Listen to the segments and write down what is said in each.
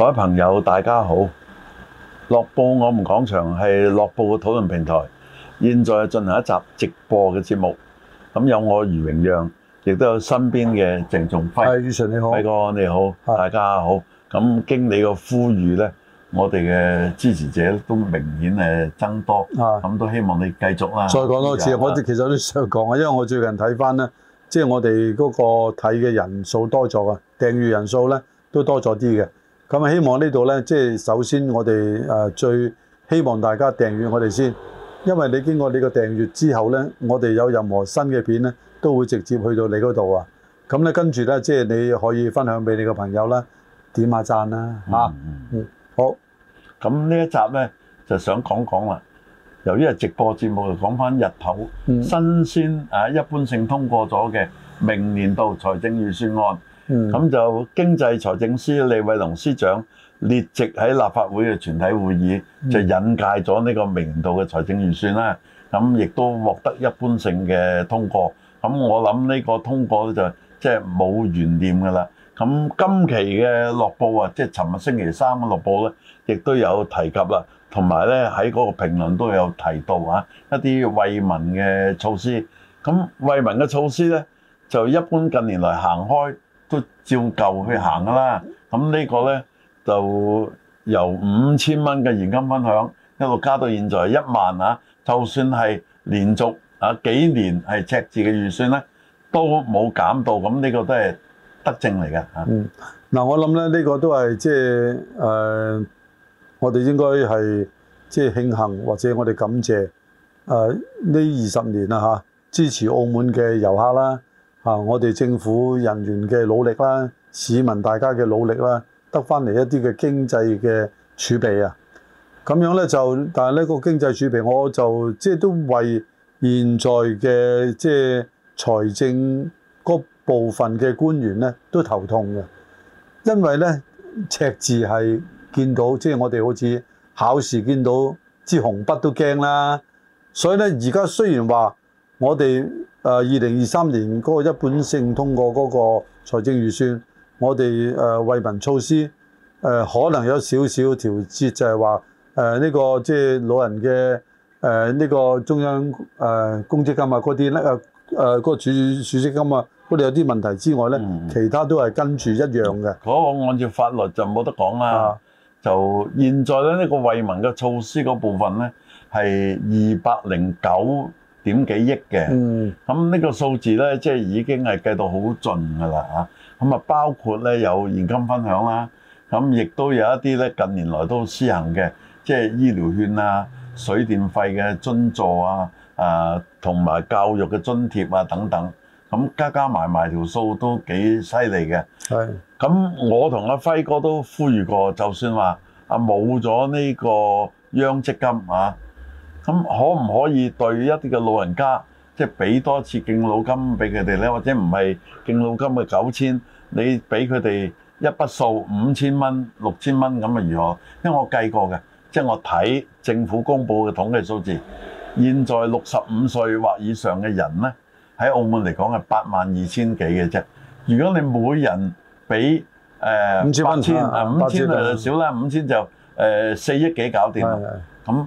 各位朋友，大家好！《樂報我們講場》係樂報嘅討論平台，現在進行一集直播嘅節目。咁有我余榮讓，亦都有身邊嘅鄭仲輝。係，主你好。輝哥你好，的大家好。咁經理嘅呼籲咧，我哋嘅支持者都明顯誒增多，咁的都希望你繼續啦。再講多次，我哋其實都想講啊，因為我最近睇翻咧，即、就、係、是、我哋嗰個睇嘅人數多咗啊，訂閱人數咧都多咗啲嘅。咁希望呢度呢，即係首先我哋誒最希望大家訂閲我哋先，因為你經過你個訂閲之後呢，我哋有任何新嘅片呢，都會直接去到你嗰度啊。咁咧跟住呢，即係你可以分享俾你個朋友啦，點下讚啦嚇。嗯、好。咁呢一集呢，就想講講啦。由於係直播節目，講翻日頭、嗯、新鮮啊，一般性通過咗嘅明年度財政預算案。咁、嗯、就經濟財政司李偉農司長列席喺立法會嘅全體會議，就引介咗呢個明年度嘅財政預算啦。咁亦都獲得一般性嘅通過。咁我諗呢個通過就即係冇懸念噶啦。咁今期嘅樂報啊，即係尋日星期三嘅樂報咧，亦都有提及啦。同埋咧喺嗰個評論都有提到啊，一啲惠民嘅措施。咁惠民嘅措施咧就一般近年來行開，都照舊去行噶啦，咁呢個呢，就由五千蚊嘅現金分享一路加到現在一萬啊，就算係連續啊幾年係赤字嘅預算呢，都冇減到，咁呢個都係德政嚟嘅嚇。嗱、嗯，我諗咧呢、呢個都係即係誒，我哋應該係即係慶幸或者我哋感謝誒呢二十年啊嚇支持澳門嘅遊客啦。啊！我哋政府人員嘅努力啦，市民大家嘅努力啦，得翻嚟一啲嘅經濟嘅儲備啊，咁樣呢，就，但係呢個經濟儲備我就即係、就是、都為現在嘅即係財政嗰部分嘅官員呢都頭痛嘅，因為呢赤字係見到即係、就是、我哋好似考試見到支紅筆都驚啦，所以呢，而家雖然話我哋。誒二零二三年嗰個一般性通過嗰個財政預算，我哋誒惠民措施誒、呃、可能有少少調節，就係話誒呢個即係、就是、老人嘅誒呢個中央誒、呃、公積金啊，嗰啲咧誒誒嗰個儲儲金啊，嗰度有啲問題之外咧，嗯、其他都係跟住一樣嘅。嗰個、嗯、按照法律就冇得講啦。嗯、就現在咧，呢、這個惠民嘅措施嗰部分咧係二百零九點幾億嘅？咁呢個數字呢，即係已經係計到好盡㗎啦嚇。咁啊，包括呢，有現金分享啦，咁、啊、亦都有一啲呢，近年來都施行嘅，即係醫療券啊、水電費嘅津助啊、啊同埋教育嘅津貼啊等等。咁、啊、加加埋埋條數都幾犀利嘅。係的。咁我同阿輝哥都呼籲過，就算話啊冇咗呢個央積金啊。咁可唔可以對一啲嘅老人家，即係俾多次敬老金俾佢哋呢？或者唔係敬老金嘅九千，你俾佢哋一筆數五千蚊、六千蚊咁咪如何？因為我計過嘅，即係我睇政府公佈嘅統計數字，現在六十五歲或以上嘅人呢，喺澳門嚟講係八萬二千幾嘅啫。如果你每人俾誒、呃、五千蚊，五千就少啦，五千就誒四億幾搞掂咁的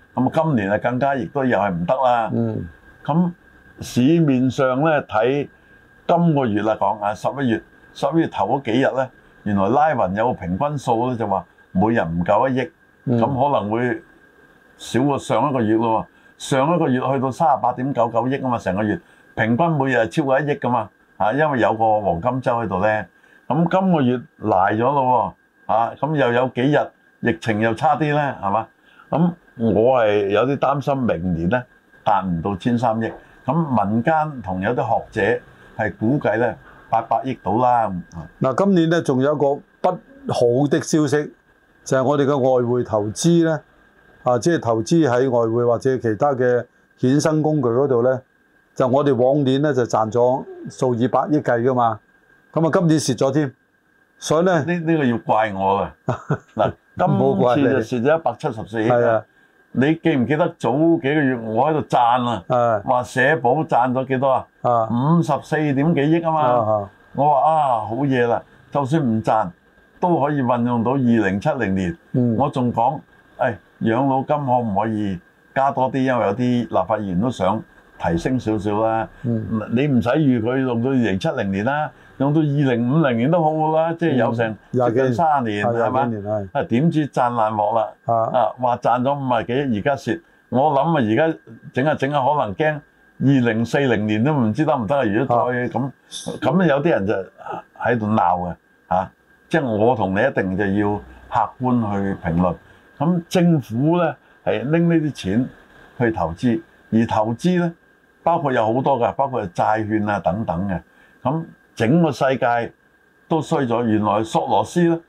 咁今年啊更加亦都又係唔得啦。咁市面上咧睇，今個月啦，講啊，十一月，十一月頭嗰幾日咧，原來拉勻有個平均數咧，就話每日唔夠一億，咁可能會少過上一個月咯喎。上一個月去到三十八點九九億啊嘛，成個月平均每日超過一億噶嘛。啊，因為有個黃金周喺度咧，咁今個月賴咗咯喎。啊，咁又有幾日疫情又差啲咧，係嘛？咁我係有啲擔心明年咧達唔到千三億，咁民間同有啲學者係估計咧八百億到啦。嗱，今年咧仲有一個不好的消息，就係、是、我哋嘅外匯投資咧，啊，即係投資喺外匯或者其他嘅衍生工具嗰度咧，就是、我哋往年咧就賺咗數二百億計噶嘛，咁啊今年蝕咗添，所以咧呢呢個要怪我啊。嗱， 今次就蝕咗一百七十四億。 你記唔記得早幾個月我喺度賺啊？話社保賺咗幾多啊？五十四點幾億啊嘛、啊！我話啊好嘢啦，就算唔賺都可以運用到二零七零年。嗯、我仲講誒養老金可唔可以加多啲？因為有啲立法員都想提升少少啦。嗯、你唔使預佢用到二零七零年啦。用到二零五零年都好好啦，即係有成廿幾三年係嘛？係點知賺爛鑊啦？啊話賺咗五十幾，而家蝕。我諗啊，而家整下整下，可能驚二零四零年都唔知得唔得啊！如果再咁咁，啊、咁咁有啲人就喺度鬧嘅嚇。即係我同你一定就要客觀去評論。咁政府咧係拎呢啲錢去投資，而投資咧包括有好多㗎，包括係債券啊等等嘅咁。整個世界都衰咗，原來索羅斯咧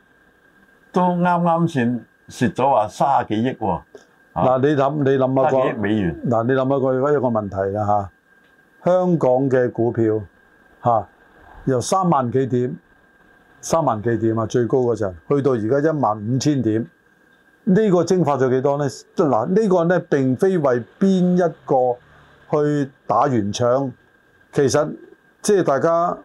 都啱啱先蝕咗，話卅幾億喎、啊。嗱、啊，你諗你諗一個卅幾億美元。嗱、啊，你諗一個而家一個問題啦嚇、啊，香港嘅股票嚇、啊、由三萬幾點，三萬幾點啊，最高嗰陣去到而家一萬五千點，呢、呢個蒸發咗幾多咧？嗱、啊，呢個、呢個咧並非為邊一個去打圓場，其實即係大家。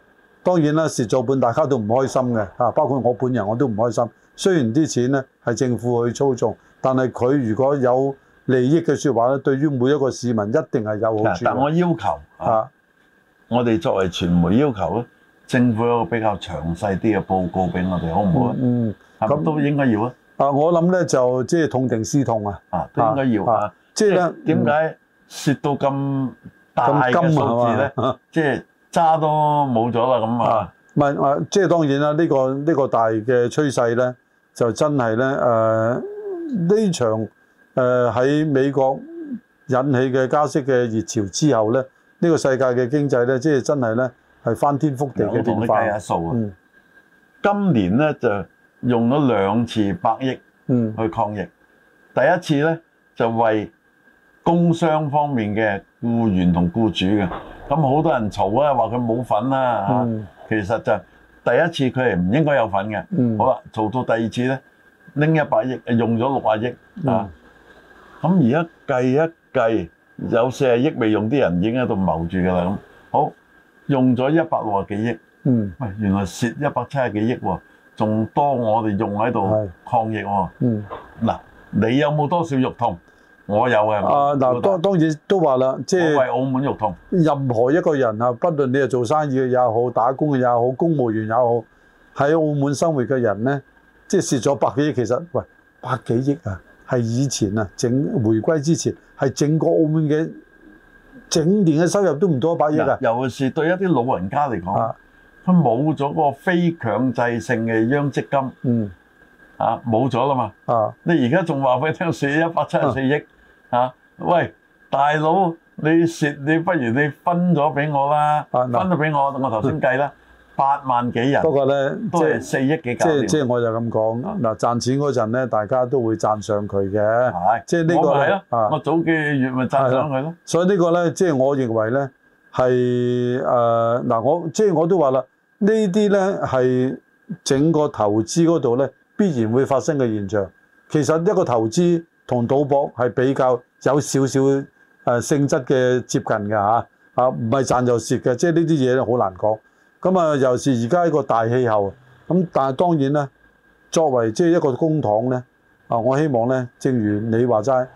當然啦，蝕咗半大家都唔開心嘅嚇，包括我本人我都唔開心。雖然啲錢咧係政府去操縱，但係佢如果有利益嘅説話咧，對於每一個市民一定係有好處。但我要求嚇，啊、我哋作為傳媒要求咧，政府有個比較詳細啲嘅報告俾我哋，好唔好啊，嗯？嗯，咁、嗯、都應該要啊。啊，我諗咧就即係、就是、痛定思痛啊。啊，啊都應該要啊。啊即係是咧，點解説到咁大嘅數字咧？即係。 渣都冇咗啦，咁啊，唔係啊，即係當然啦，呢個呢個大嘅趨勢咧，就真係咧呃呢場呃喺美國引起嘅加息嘅熱潮之後咧，呢個世界嘅經濟咧，即係真係咧係翻天覆地嘅變化。我同你計下數啊，嗯、今年咧就用咗兩次百億去抗疫，嗯、第一次咧就為工商方面嘅僱員同僱主嘅。咁好多人嘈啊，話佢冇份啊、嗯、其實就第一次佢係唔應該有份嘅。嗯、好啦，嘈到第二次咧，拎一百億用咗六啊億、嗯、啊，咁而家計一計有四十億未用，啲人已經喺度謀住㗎啦咁。嗯、好，用咗一百六十幾億，嗯，喂，原來蝕一百七十幾億喎，仲多我哋用喺度抗疫喎。嗯，嗱、啊，你有冇多少肉痛？我有嘅。啊嗱的，當當然都話啦，即係我為澳門肉痛。任何一個人啊，不論你係做生意嘅也好，打工嘅也好，公務員也好，喺澳門生活嘅人咧，即係蝕咗百幾億。其實喂，百幾億啊，係以前啊，整回歸之前係整個澳門嘅整年嘅收入都唔多百億㗎、啊。尤其是對一啲老人家嚟講，佢冇咗個非強制性嘅央積金，嗯，啊冇咗啦嘛，啊你而家仲話俾我聽蝕一百七十四億。啊。啊！喂，大佬，你蝕，你不如你分咗俾我啦，啊、分咗俾我，我頭先計啦，八萬幾人。不過咧，即係四億幾。即係即係，我就咁講嗱，賺錢嗰陣咧，大家都會讚賞佢嘅。係的，即係、這、呢個我係咯，的我早幾個月咪讚賞佢咯。所以個呢個咧，即係我認為咧，係誒嗱，我即係我都話啦，這些呢啲咧係整個投資嗰度咧必然會發生嘅現象。其實一個投資同賭博係比較。有少少誒性質嘅接近嘅嚇啊，唔係賺就蝕嘅，即係呢啲嘢咧好難講。咁啊，尤其係而家一個大氣候。咁但係當然啦，作為即係一個公堂咧，啊，我希望咧，正如你話齋，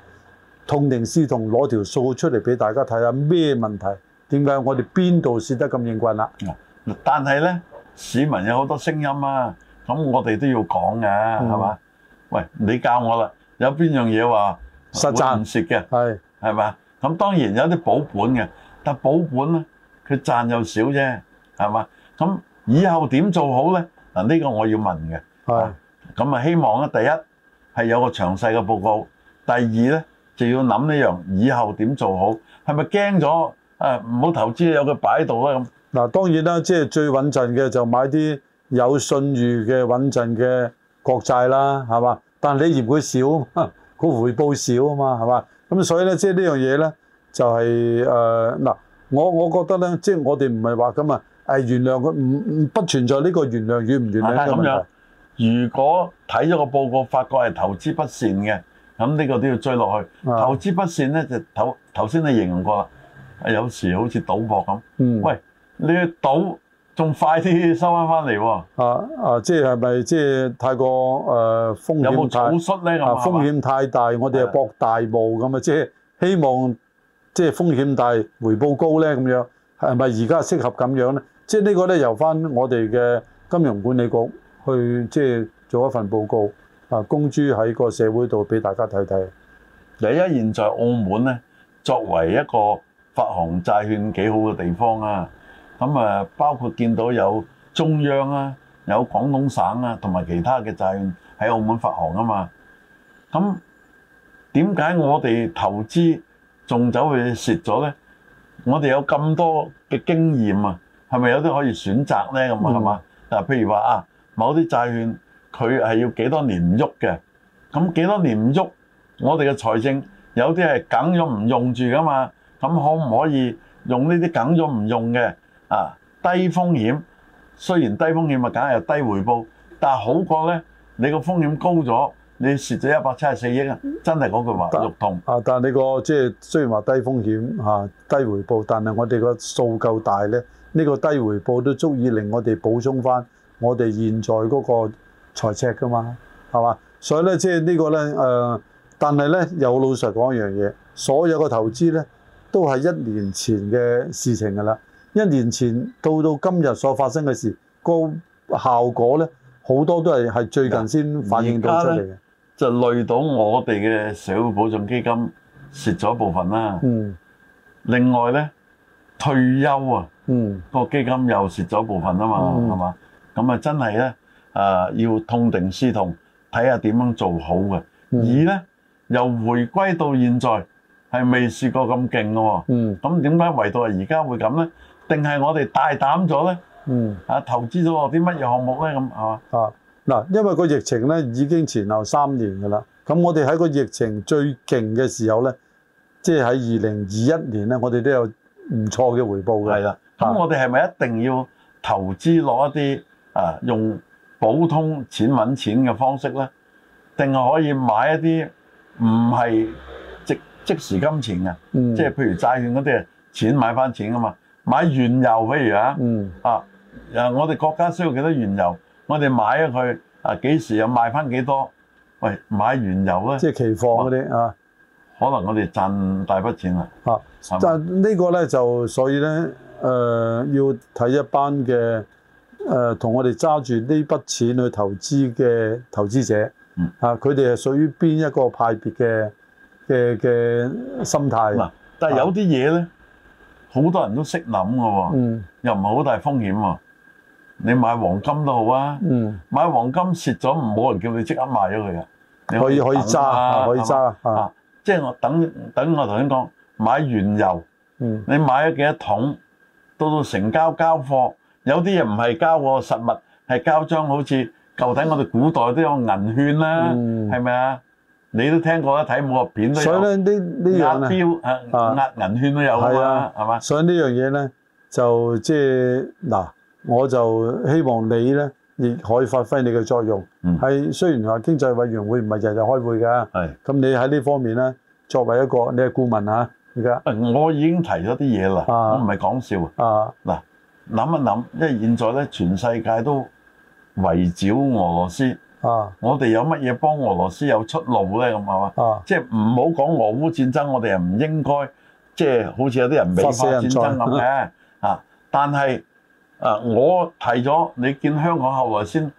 痛定思痛，攞條數出嚟俾大家睇下咩問題，點解我哋邊度蝕得咁應棍啦？嗱，但係咧，市民有好多聲音啊，咁我哋都要講嘅係嘛？喂，你教我啦，有邊樣嘢話？實賺唔蝕嘅，係係嘛？咁是當然有啲保本嘅，但保本咧，佢賺又少啫，係嘛？咁以後點做好咧？嗱，呢個我要問嘅。咁是啊希望咧，第一係有個詳細嘅報告，第二咧就要諗呢樣，以後點做好？係咪驚咗啊？唔好投資有嘅擺喺度啦咁。嗱，當然啦，即係最穩陣嘅就買啲有信譽嘅穩陣嘅國債啦，係嘛？但係你業會少 佢回報少啊嘛，係嘛？咁所以咧，即係呢樣嘢咧，就係誒嗱，我我覺得咧，即係我哋唔係話咁啊，係原諒佢唔唔不存在呢個原諒與唔原諒咁、啊、樣。如果睇咗個報告，發覺係投資不善嘅，咁呢個都要追落去。投資不善咧，就頭頭先你形容過啦，有時好似賭博咁。嗯，喂，你去賭？仲快啲收翻翻嚟喎！啊啊，即係咪即係太過誒風險？有冇草率咧啊？風險太大，吧我哋啊博大霧咁啊！即係希望即係風險大，回報高咧，咁樣係咪而家適合咁樣咧？即係呢個咧由翻我哋嘅金融管理局去即係做一份報告啊，公諸喺個社會度俾大家睇睇。你一現在澳門咧作為一個發行債券幾好嘅地方啊！咁啊，包括見到有中央啊，有廣東省啊，同埋其他嘅債券喺澳門發行啊嘛。咁點解我哋投資仲走去蝕咗咧？我哋有咁多嘅經驗啊，係咪有啲可以選擇咧？咁啊、嗯，係嘛？嗱，譬如話啊，某啲債券佢係要幾多年唔喐嘅，咁幾多年唔喐，我哋嘅財政有啲係梗咗唔用住噶嘛，咁可唔可以用呢啲梗咗唔用嘅？啊，低風險雖然低風險，咪梗係有低回報，但係好過咧。你個風險高咗，你蝕咗一百七十四億啊！真係嗰句話但肉痛啊！但係、那、你個即係雖然話低風險嚇、啊、低回報，但係我哋個數夠大咧，呢、這個低回報都足以令我哋補充翻我哋現在嗰個財赤噶嘛，係嘛？所以咧，即係、這個、呢個咧誒，但係咧有老實講一樣嘢，所有嘅投資咧都係一年前嘅事情㗎啦。一年前到到今日所發生嘅事，個效果咧好多都係係最近先反映到出嚟嘅，就累到我哋嘅社會保障基金蝕咗一部分啦。嗯，另外咧退休啊，嗯，個基金又蝕咗部分啊嘛，係嘛？咁啊真係咧啊要痛定思痛，睇下點樣做好嘅。而咧又回歸到現在係未試過咁勁嘅喎，嗯，咁點解唯獨而家會咁咧？定係我哋大膽咗呢？嗯，啊，投資咗啲乜嘢項目呢？咁係啊，嗱，因為個疫情呢已經前後三年㗎啦。咁我哋喺個疫情最勁嘅時候呢，即係喺二零二一年呢，我哋都有唔錯嘅回報㗎。係啦。啊。咁我哋係咪一定要投資落一啲啊用普通錢揾錢嘅方式呢？定係可以買一啲唔係即即時金錢嘅，嗯、即係譬如債券嗰啲啊，錢買翻錢㗎嘛？買原油，譬如、嗯、啊，啊，誒，我哋國家需要幾多原油，我哋買咗佢，啊，幾時又賣翻幾多？喂，買原油咧，即係期貨嗰啲啊，可能我哋賺大筆錢啦，啊，吧但呢就呢個咧就所以咧誒、呃，要睇一班嘅誒，同、呃、我哋揸住呢筆錢去投資嘅投資者，啊，佢哋係屬於邊一個派別嘅嘅嘅心態，啊、但係有啲嘢咧。好多人都識諗㗎喎，又唔係好大風險喎。你買黃金都好啊，買黃金蝕咗唔冇人叫你即刻賣咗佢嘅，可以可以揸，可以揸啊！即係我等等我頭先講買原油，你買咗幾多桶？到到成交交貨，有啲嘢唔係交貨實物，係交張好似舊底我哋古代都有銀券啦，係咪啊？你都聽過啦，睇武俠片都有，所以咧呢呢樣鏢啊，押銀圈都有噶嘛，係嘛？啊？吧所以呢樣嘢咧就即係嗱，我就希望你咧亦可以發揮你嘅作用。嗯，係雖然話經濟委員會唔係日日開會㗎，係咁是你喺呢方面咧，作為一個你係顧問啊，而家我已經提咗啲嘢啦，我唔係講笑啊。嗱，諗、啊、一諗，因為現在咧全世界都圍繞俄羅斯。啊！我哋有乜嘢幫俄羅斯有出路呢？咁啊嘛，即係唔好講俄烏戰爭，我哋又唔應該即係、就是、好似有啲人美化戰爭咁嘅啊，啊！但係啊，我提咗，你見香港後來先，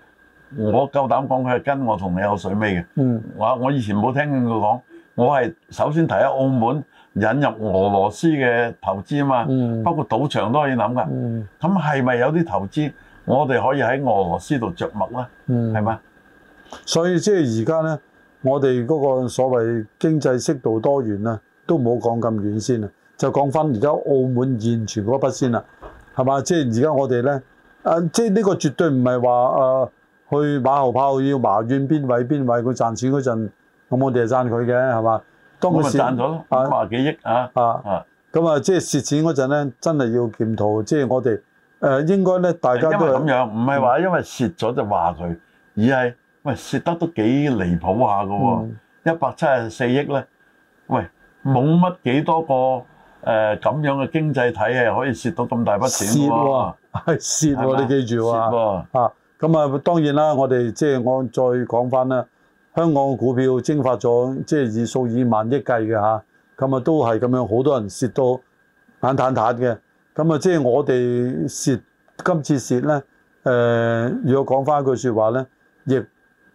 我夠膽講佢係跟我同你有水尾嘅。嗯，我我以前冇聽見佢講，我係首先提喺澳門引入俄羅斯嘅投資啊嘛。嗯、包括賭場都可以諗㗎。嗯，咁係咪有啲投資我哋可以喺俄羅斯度着墨呢？嗯，係嘛？所以即係而家咧，我哋嗰個所謂經濟適度多元啊，都冇講咁遠先啊，就講翻而家澳門現存嗰筆先啦，係嘛？即係而家我哋咧、啊，即係呢個絕對唔係話去馬後炮要埋怨邊位邊位，佢賺錢嗰陣，咁我哋係讚佢嘅，係嘛？當佢蝕咗，賺了億啊，幾億啊，啊，咁啊，即係蝕錢嗰陣咧，真係要檢討，即係我哋誒，應該咧，大家都係因為咁樣，唔係話因為蝕咗就話佢，嗯、而係。喂，蝕得都幾離譜下噶喎！一百七十四億咧，喂，冇乜幾多個誒咁、呃、樣嘅經濟體系可以蝕到咁大筆錢喎、啊！蝕喎、啊，哎啊、吧你記住喎、啊！蝕咁啊，啊當然啦，我哋即係我再講翻啦，香港股票蒸發咗，即係以數以萬億計嘅吓。咁、啊、日都係咁樣，好多人蝕到眼癟癟嘅。咁啊，即係我哋蝕今次蝕咧，誒、呃，如果講翻一句説話咧，亦～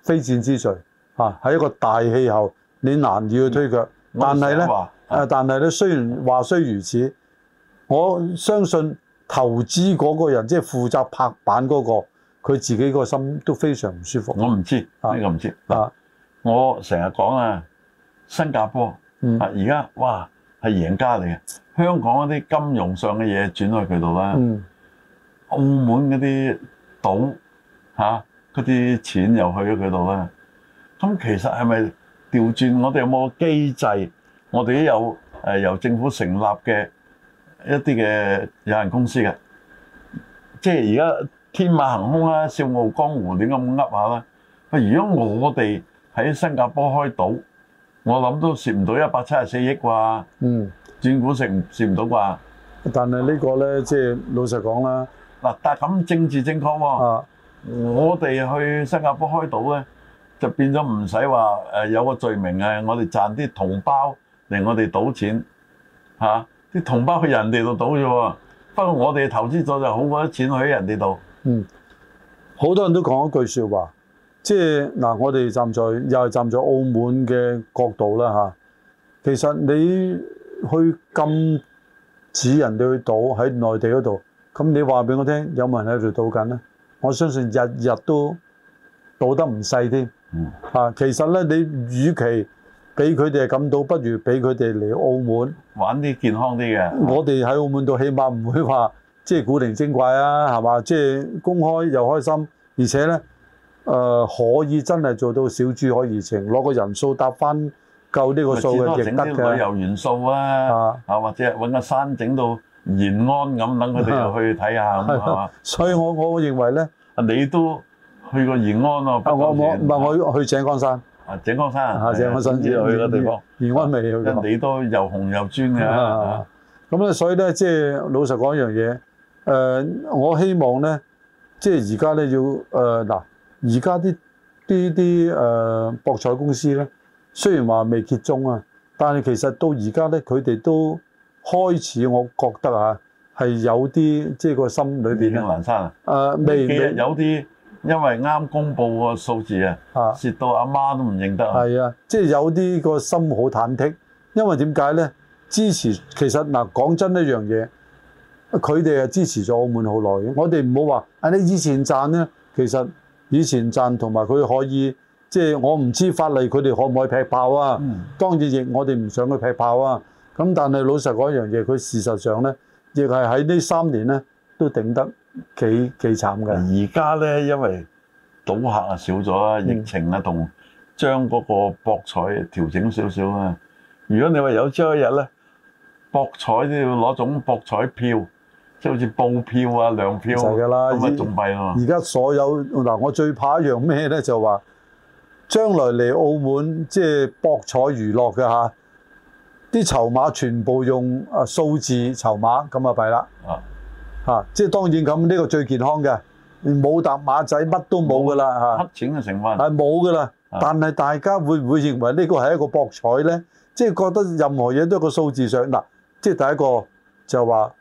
非戰之罪，嚇係一個大氣候，你難以去推卻。但係咧，誒、啊、但係咧，雖然話雖如此，我相信投資嗰個人，即、就、係、是、負責拍板嗰、那個，佢自己個心都非常唔舒服。我唔知呢、這個唔知。啊，我成日講啊，新加坡啊，而家哇係贏家嚟嘅。香港嗰啲金融上嘅嘢轉去佢度啦。嗯、澳門嗰啲賭嚇。啊。嗰啲錢又去咗佢度啦。咁其實係咪調轉？我哋有冇個機制？我哋都有誒、呃、由政府成立嘅一啲嘅有限公司嘅。即係而家天馬行空啦、啊，笑傲江湖點解咁噏下咧？啊！如果我哋喺新加坡開賭，我諗都蝕唔到一百七十四億啩。嗯，轉股成蝕唔到啩？但係呢個咧，即、就、係、是、老實講啦。嗱，但係咁政治正確喎。啊。啊我哋去新加坡開賭咧，就變咗唔使話誒有個罪名係啊！我哋賺啲同胞嚟我哋賭錢嚇，啲同胞去人哋度賭啫喎。不過我哋投資咗就好多啲錢去人哋度。嗯，好多人都講一句説話，即係嗱、啊，我哋站在又係站在澳門嘅角度啦嚇、啊。其實你去禁止人哋去賭喺內地嗰度，咁你話俾我聽，有冇人喺度賭緊咧？我相信日日都賭得唔細添，嗯、啊！其實咧，你與其俾佢哋咁賭，不如俾佢哋嚟澳門玩啲健康啲嘅。我哋喺澳門度起碼唔會話即係古靈精怪啊，係嘛、嗯？即係公開又開心，而且咧、呃，可以真係做到小賭可怡情，攞個人數搭翻夠呢個數嘅亦得嘅。整啲旅遊元素啊，啊，啊或者揾個山整到。延安咁等佢哋去睇下的吧所以我我認為咧，你都去過延安啊，我唔係我，我去井江山。啊井岡山啊，井岡山只至、啊、的去個地方。延安未去過。人哋都又紅又尊嘅。咁咧，所以咧，即係老實講一樣嘢、呃。我希望咧，即係而家咧要誒嗱，而家啲啲啲博彩公司咧，雖然話未結中啊，但係其實到而家咧，佢哋都。開始我覺得啊，係有啲即係個心裏邊。變雲生啊？誒未、啊、有啲，啊、因為啱公布個數字啊，蝕到阿媽，媽都唔認得。係啊，即、就、係、是、有啲個心好忐忑。因為點解咧？支持其實嗱，講、啊、真一樣嘢，佢哋係支持咗澳門好耐。我哋唔好話啊，你以前賺咧，其實以前賺同埋佢可以即係、就是、我唔知法例佢哋可唔可以劈炮啊？當然亦我哋唔想去劈炮啊。咁但係老實講一樣嘢，佢事實上咧，亦係喺呢三年咧都頂得幾幾慘嘅。而家咧，因為賭客啊少咗啦，疫情啊同、嗯、將嗰個博彩調整少少啊。如果你話有朝一日咧，博彩都要攞種博彩票，即係好似報票啊、糧票、啊，就係㗎啦，咁啊仲弊喎。而家所有嗱，我最怕一樣咩咧，就話將來嚟澳門即係、就是、博彩娛樂嘅嚇。啲籌碼全部用啊數字籌碼，咁啊弊啦、啊、即係當然咁呢、呢個最健康嘅，冇搭馬仔乜都冇噶啦嚇，黑錢嘅成分係冇噶啦。啊、但係大家會唔會認為呢個係一個博彩咧？即、就、係、係、覺得任何嘢都係個數字上嗱、啊，即係第一個就話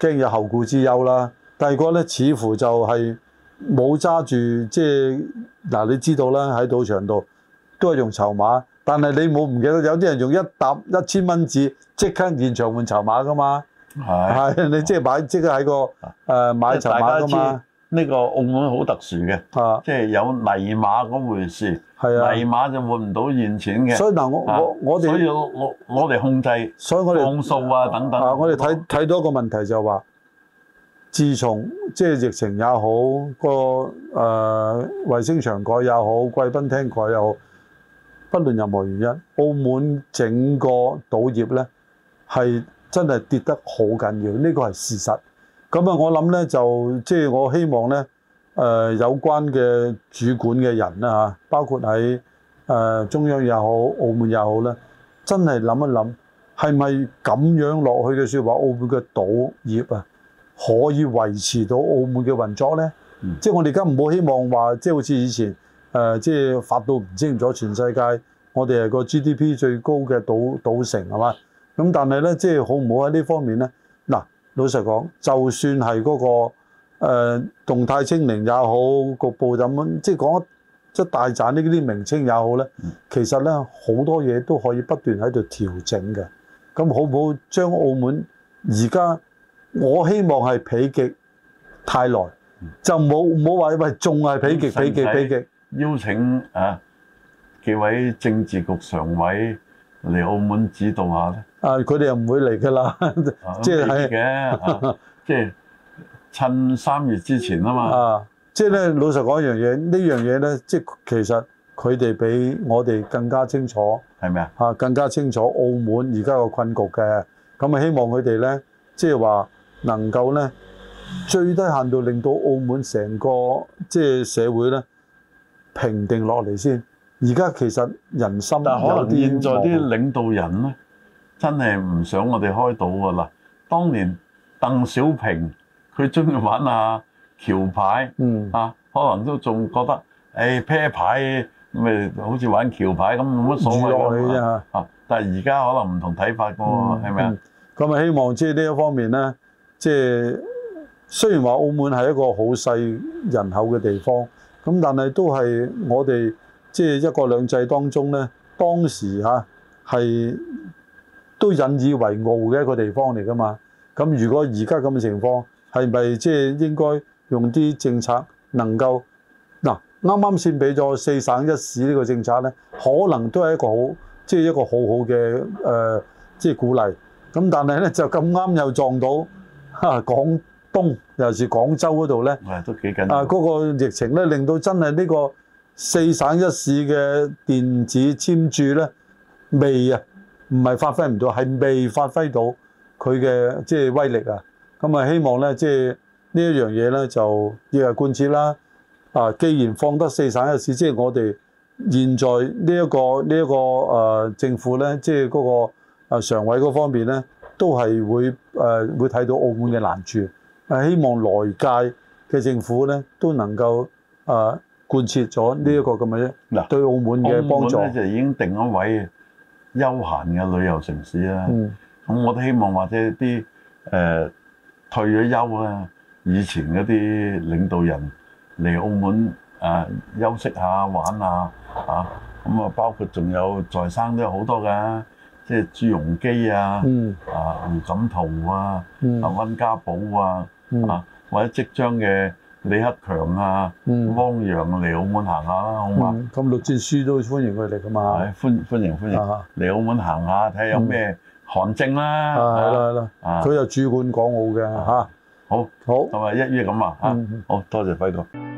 驚有後顧之憂啦。第二個咧，似乎就係冇揸住即係嗱、啊，你知道啦喺賭場度都係用籌碼。但係你冇唔記得？有啲人用一疊一千蚊紙，即刻現場換籌碼噶嘛？係的，係你即係買，即刻喺個誒、呃、買籌碼噶嘛？呢、這個澳門好特殊嘅，的即係有泥碼嗰回事。係啊的，泥碼就換唔到現錢嘅。所以嗱，的我我我哋，所以我所以我哋控制控數啊等等。啊，我哋睇睇到個問題就話、是，自從即係疫情也好，那個誒、呃、衛星場改又好，貴賓廳改又好。不論任何原因，澳門整個賭業咧係真係跌得好緊要，呢個係事實。咁啊，我諗咧就即係我希望咧，誒、呃、有關嘅主管嘅人啦嚇、啊，包括喺誒、呃、中央又好，澳門又好咧，真係諗一諗，係咪咁樣落去嘅説話，澳門嘅賭業啊可以維持到澳門嘅運作咧、嗯？即係我哋而家唔好希望話，即係好似以前。誒、呃、即係發到唔清楚全世界，我哋係個 GDP 最高嘅賭賭城係嘛？咁但係呢，即係好唔好喺呢方面呢？嗱、啊，老實講，就算係嗰、那個誒、呃、動態清零也好，局部就噉樣，即係講即係大讚呢啲名稱也好呢，其實呢，好多嘢都可以不斷喺度調整嘅。咁好唔好將澳門而家我希望係否極泰來，就冇冇話，喂，仲係否極否極否極。否極否極邀請啊幾位政治局常委嚟澳門指導下咧？啊，佢哋又唔會嚟噶啦，即係嘅，即係趁三月之前啊嘛。啊，即係咧老實講一的樣嘢，呢樣嘢咧，即係其實佢哋比我哋更加清楚，係咪嗎啊？嚇，更加清楚澳門而家個困局嘅。咁啊，希望佢哋咧，即係話能夠咧，最低限度令到澳門成個即係、就是、社會咧。平定落嚟先，而家其實人心，但可能現在啲領導人咧，真係唔想我哋開到噶啦。當年鄧小平佢中意玩下、啊、橋牌，嗯啊，可能都仲覺得誒、欸、啤牌咪好似玩橋牌咁冇乜所謂啫嚇。啊，啊，但係而家可能唔同睇法喎，係咪啊？咁咪、嗯嗯、希望即係呢一方面咧，即係雖然話澳門係一個好細人口嘅地方。咁但係都係我哋即係一國兩制當中呢，當時吓、啊、係都引以為傲嘅一個地方嚟噶嘛。咁如果而家咁嘅情況，係咪即係應該用啲政策能夠，嗱啱啱先俾咗四省一市呢個政策呢，可能都係一個好即係一個好好嘅誒即係鼓勵。咁但係呢，就咁啱又撞到哈、啊、講東尤其係廣州嗰度呢，都幾緊啊！嗰、那個疫情呢，令到真係呢個四省一市嘅電子簽注呢，未啊，唔係發揮唔到，係未發揮到佢嘅即係威力啊！咁啊，希望呢，即係呢一樣嘢呢，就要係貫徹啦啊！既然放得四省一市，即、就、係、是、我哋現在呢、這、一個呢一、這個誒、呃、政府呢，即係嗰個常委嗰方面呢，都係會誒、呃、會睇到澳門嘅難處。誒，希望來屆嘅政府咧，都能夠誒，貫徹咗呢一個咁嘅，嗱對澳門嘅幫助。澳門咧，就已經定咗位休閒嘅旅遊城市啦。咁我都希望或者啲誒，退咗休啦，以前嗰啲領導人嚟澳門誒，休息下玩下啊。咁啊，包括仲有在生都有好多嘅，即係朱鎔基啊，啊胡錦濤啊，啊溫家寶啊。啊，或者即將嘅李克強啊，汪洋啊嚟澳門行下啦，好嘛？咁栗戰書都歡迎佢哋噶嘛？誒，歡歡迎歡迎嚟澳門行下，睇下有咩韓正啦。係啦係啦，佢有主管港澳嘅嚇，好，好，咁啊一於咁啊嚇，好多謝輝哥。